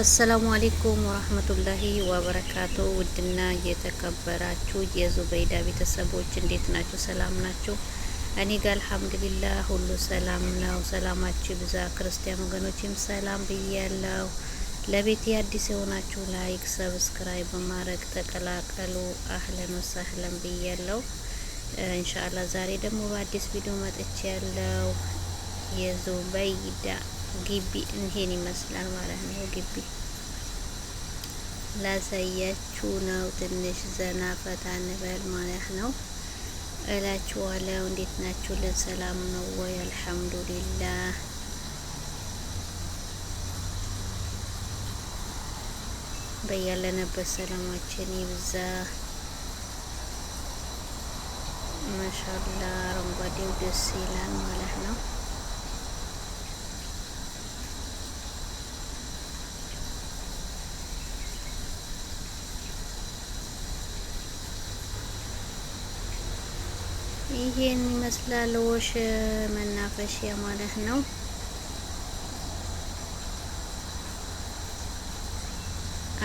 አሰላሙ አሌይኩም ወረህመቱላሂ ወበረካቱ። ውድና የተከበራችሁ የዙበይዳ ቤተሰቦች እንዴት ናችሁ? ሰላም ናችሁ? እኔ ጋር አልሐምዱሊላህ ሁሉ ሰላም ነው። ሰላማችሁ ብዛ ክርስቲያን ወገኖችም ሰላም ብያለሁ። ለቤት አዲስ የሆናችሁ ላይክ፣ ሰብስክራይብ በማድረግ ተቀላቀሉ። አህለን ወሳህለን ብያለሁ። ኢንሻአላህ ዛሬ ደግሞ በአዲስ ቪዲዮ መጥቼ ያለው የዙበይዳ ግቢ ይሄን ይመስላል ማለት ነው። ግቢ ላሳያችሁ ነው። ትንሽ ዘና ፈታ እንበል ማለት ነው እላችኋለሁ። እንዴት ናችሁ ሰላም ነው ወይ? አልሐምዱሊላህ በያለነበት ሰላማችን ይብዛ። ማሻአላ አረንጓዴው ደስ ይላል ማለት ነው። ይሄን ይመስላል ወሽ መናፈሻ ማለት ነው።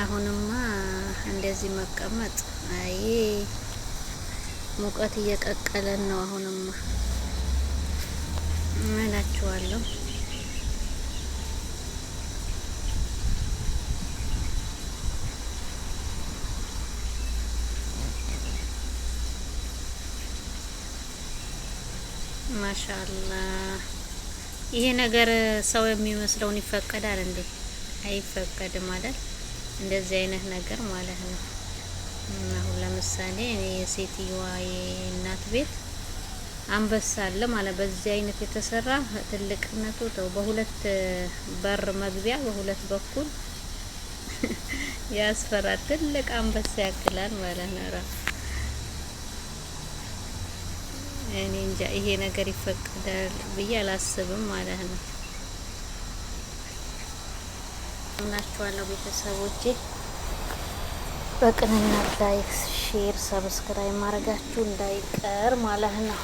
አሁንማ እንደዚህ መቀመጥ አይ ሙቀት እየቀቀለን ነው። አሁንማ እላችኋለሁ። ማሻላ ይሄ ነገር ሰው የሚመስለውን ይፈቀዳል እንዴ? አይፈቀድም አይደል? እንደዚህ አይነት ነገር ማለት ነው። አሁን ለምሳሌ እኔ የሴትዮዋ የእናት ቤት አንበሳ አለ ማለት በዚህ አይነት የተሰራ ትልቅነቱ ተው፣ በሁለት በር መግቢያ በሁለት በኩል ያስፈራል። ትልቅ አንበሳ ያክላል ማለት ነው። እኔ እንጃ ይሄ ነገር ይፈቀዳል ብዬ አላስብም ማለት ነው። እናችኋለሁ ቤተሰቦቼ በቅንነት ላይክ፣ ሼር፣ ሰብስክራይብ ማድረጋችሁ እንዳይቀር ማለት ነው።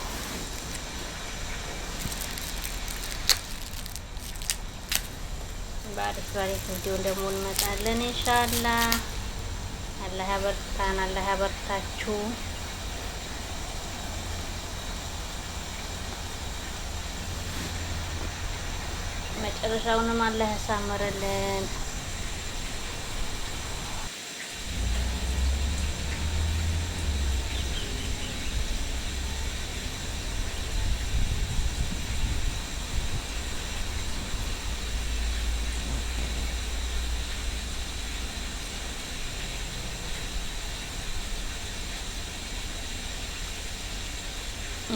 በአሪፍ ባሪፍ ቪዲዮ ደግሞ እንመጣለን ኢንሻአላህ። አላህ ያበርታን፣ አላህ ያበርታችሁ። መጨረሻውንም አላህ ያሳምርልን።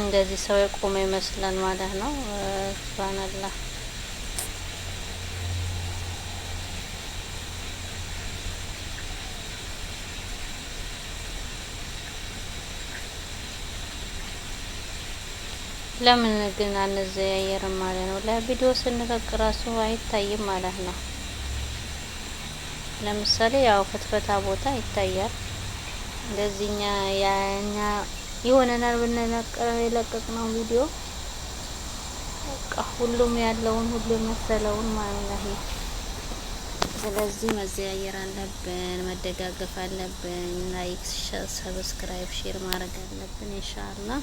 እንደዚህ ሰው የቆመ ይመስላል ማለት ነው። ሱብሃነላህ ለምን ግን አንዘያየርም ማለት ነው። ለቪዲዮ ስንለቅ ራሱ አይታይም ማለት ነው። ለምሳሌ ያው ፍትፈታ ቦታ ይታያል። እንደዚህኛ ያኛ ይሆነናል ብንለቀ ነው ቪዲዮ በቃ ሁሉም ያለውን ሁሉ የመሰለውን ማለት ነው። ስለዚህ መዘያየር አለብን፣ መደጋገፍ አለብን። ላይክ፣ ሰብስክራይብ፣ ሼር ማድረግ አለብን ኢንሻአላህ።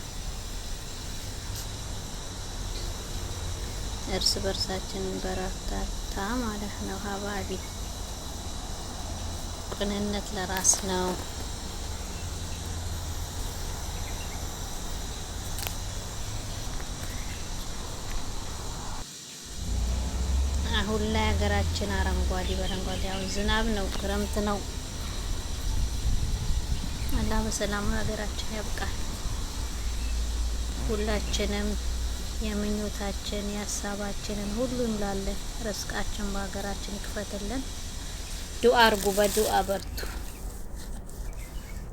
እርስ በርሳችን በረታታ ማለት ነው። ሀባቢ ቅንነት ለራስ ነው። አሁን ላይ ሀገራችን አረንጓዴ በረንጓዴ አሁን ዝናብ ነው፣ ክረምት ነው። አላህ በሰላም ሀገራችን ያብቃል ሁላችንም የምኞታችን የሀሳባችንን ሁሉን ላለን ርስቃችን በሀገራችን ይክፈትልን። ዱአ አርጉ፣ በዱአ በርቱ።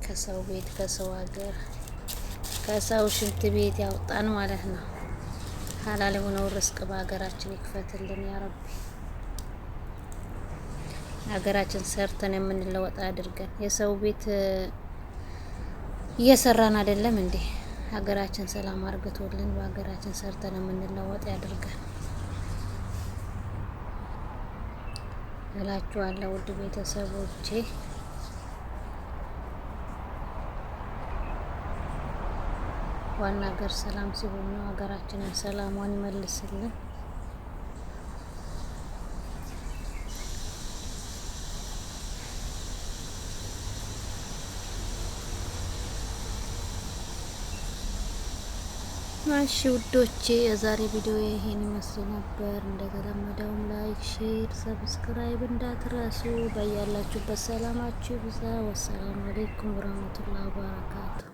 ከሰው ቤት ከሰው ሀገር ከሰው ሽንት ቤት ያውጣን ማለት ነው። ሀላል የሆነው ርስቅ በሀገራችን ይክፈትልን ያ ሀገራችን ሰርተን የምንለወጥ አድርገን የሰው ቤት እየሰራን አይደለም እንዴ? ሀገራችን ሰላም አርግቶልን በሀገራችን ሰርተን የምንለወጥ ያድርገን እላችኋለሁ ውድ ቤተሰቦቼ። ዋና ሀገር ሰላም ሲሆን ነው። ሀገራችንን ሰላሟን ይመልስልን። እሺ ውዶቼ የዛሬ ቪዲዮ ይሄን ይመስል ነበር። እንደተለመደውም ላይክ፣ ሼር፣ ሰብስክራይብ እንዳትረሱ። በያላችሁበት ሰላማችሁ ብዛ። ወሰላሙ አሌይኩም ወረህመቱላሂ ወበረካቱ